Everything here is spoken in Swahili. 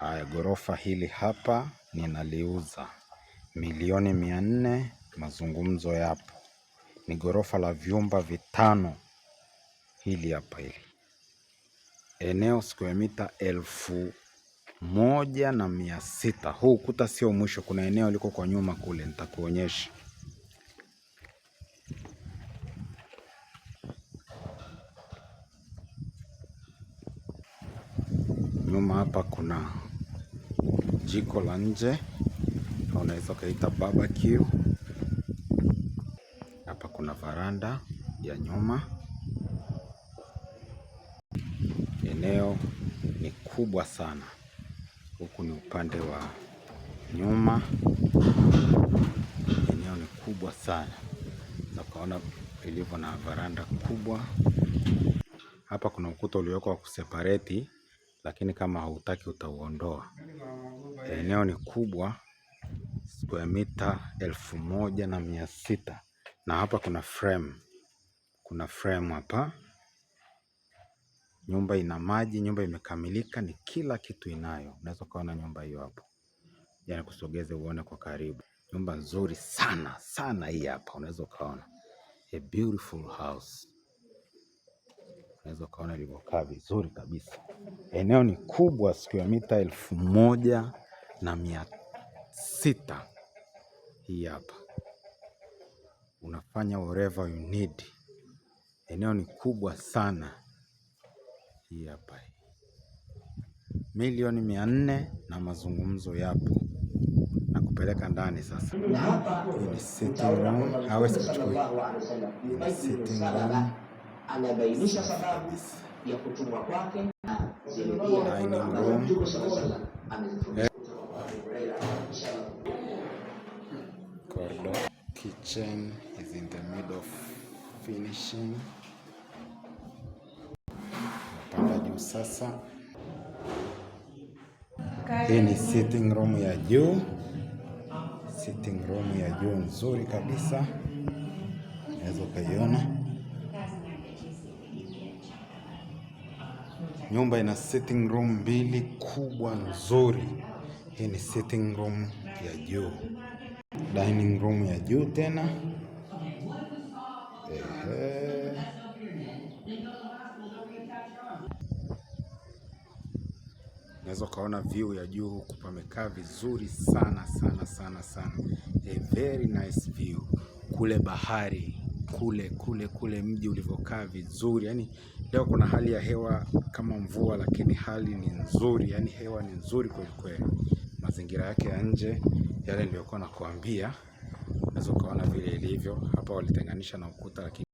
Haya, ghorofa hili hapa ninaliuza milioni mia nne, mazungumzo yapo. Ni ghorofa la vyumba vitano, hili hapa hili, eneo square mita elfu moja na mia sita. Huu ukuta sio mwisho, kuna eneo liko kwa nyuma kule, nitakuonyesha. Nyuma hapa kuna jiko la nje, unaweza ukaita barbecue. Hapa kuna varanda ya nyuma, eneo ni kubwa sana. Huku ni upande wa nyuma, eneo ni kubwa sana, na ukaona ilivyo na varanda kubwa. Hapa kuna ukuta ulioko wa kusepareti, lakini kama hautaki utauondoa. Eneo ni kubwa square mita elfu moja na mia sita na hapa kuna frame. Kuna frame hapa. Nyumba ina maji, nyumba imekamilika, ni kila kitu inayo. Unaweza ukaona nyumba hiyo hapo, yani kusogeze uone kwa karibu. Nyumba nzuri sana sana hii hapa, unaweza ukaona a beautiful house. Unaweza ukaona ilivyokaa vizuri kabisa. Eneo ni kubwa square mita elfu moja na mia sita. Hii hapa unafanya whatever you need. Eneo ni kubwa sana. Hii hapa milioni mia nne na mazungumzo yapo na kupeleka ndani sasa. ni sitting room, hawezi kuchukua ni sitting room anabainisha sababu ya kutumwa kwake na dining room. corridor. Kitchen is in the middle of finishing. Napanda juu sasa. Hii ni sitting room ya juu, sitting room ya juu nzuri kabisa, naweza ukaiona. Nyumba ina sitting room mbili kubwa nzuri. Hii ni sitting room ya juu dining room ya juu tena. Ehe. Unaweza ukaona view ya juu huku, pamekaa vizuri sana sana sana sana, a very nice view kule bahari kule kule kule mji ulivyokaa vizuri. Yani leo kuna hali ya hewa kama mvua, lakini hali ni nzuri, yani hewa ni nzuri kweli kweli mazingira yake ya nje yale niliyokuwa nakuambia, unaweza ukaona vile ilivyo hapa. Walitenganisha na ukuta lakini